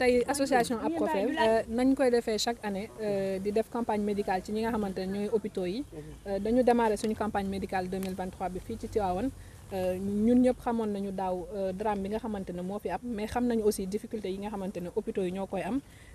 Nous association euh, chaque année euh, di campagne médicale ci ñi nga hôpitaux yi euh, dañu démarré suñu campagne médicale 2023 bi ci ñun nañu drame mais Nous aussi difficulté yi nga hôpitaux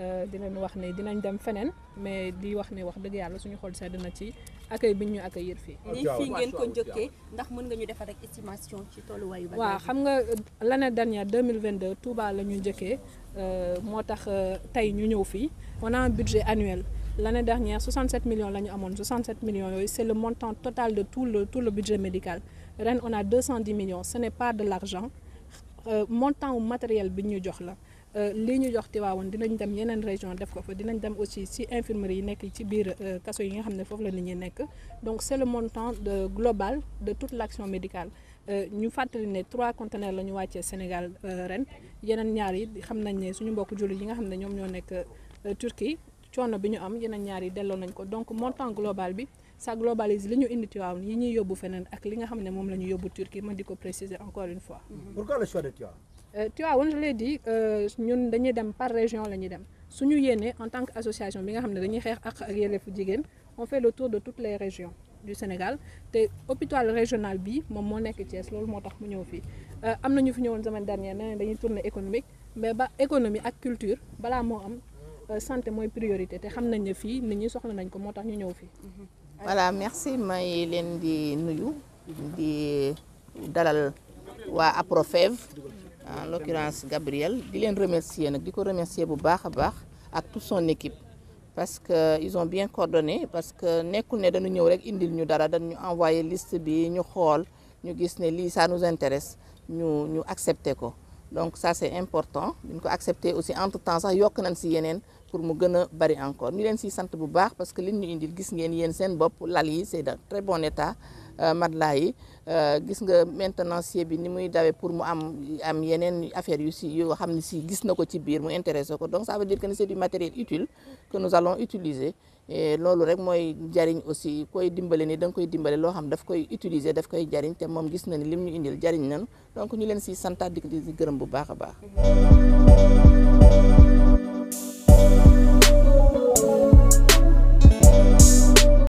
Euh, di leen wax ne dinañ dem feneen mais di wax ne wax dëgg yàlla suñu xol sedd na ci accueil bi ñu accueillir fii. Ah, nii fii ngeen ko njëkkee ndax mën nga ñu defal rek estimation ci wayu ba waaw xam nga euh, l'année dernière 2022 Touba la ñu njëkkee euh, moo tax tey ñu ñëw fii on a un budget annuel. L'année dernière 67 millions la ñu amoon 67 millions yooyu c'est le montant total de tout le tout le budget médical ren on a 210 millions ce n'est pas de l'argent euh, montant matériel bi ñu jox la. Euh, li ñu jox Tivaouane dinañ dem yeneen région def ko fa dinañ dem aussi ci infirmerie yi nekk ci biir euh, kaso yi nga xam ne foofu la nit ñi nekk donc c'est le montant de global de toute l'action médicale euh, ñu fàttali ne trois conteneurs la ñu wàccee Sénégal ren yeneen ñaar yi xam nañ ne suñu mbokk jullit yi nga xam ne ñoom ñoo nekk Turquie coono bi ñu am yeneen ñaar yi delloo nañ ko donc montant global bi ça globalise li ñu indi Tivaouane yi ñuy yóbbu feneen ak li nga xam ne moom la ñu yóbbu Turquie man di ko préciser encore une fois. Pourquoi le choix de Tivaouane? Euh, Tivaouane je l'ai dit euh, ñun dañuy dem par région la ñuy dem suñu yéene en tant que association bi nga xam ne dañuy xeex ak ak yelleefu jigéen on fait le tour de toutes les régions du Sénégal te hôpital régional bi moom moo nekk Thiès loolu moo tax mu ñëw fii euh, am na ñu fi ñëwoon semaine dernier nee dañuy tournée économique mais ba économie ak culture balaa moo am santé mooy priorité te xam nañ ne fii nit ñi soxla nañ ko moo tax ñu ñëw fii. voilà merci may leen di nuyu di dalal waa APROFEV en l'occurrence Gabriel di remercier toute son équipe parce que ils ont bien coordonné parce que nous avons envoyé liste bi ñu ça nous intéresse nous avons accepter donc ça c'est important Nous avons accepter aussi entre temps ça, pour encore parce que nous avons très bon état euh, matelas yi euh, gis nga maintenancier bi ni muy dawee pour mu am am yenen affaires yu si yo xamni si gis nako ci biir mu intéressé ko donc ça veut dire que c'est du matériel utile que nous allons utiliser et lolu rek moy jariñ aussi koy dimbalé ni dang koy dimbalé lo xam daf koy utiliser daf koy jariñ té mom gis na ni lim ñu indil jariñ nañ donc ñu leen ci santaat di di gërëm bu baax a baax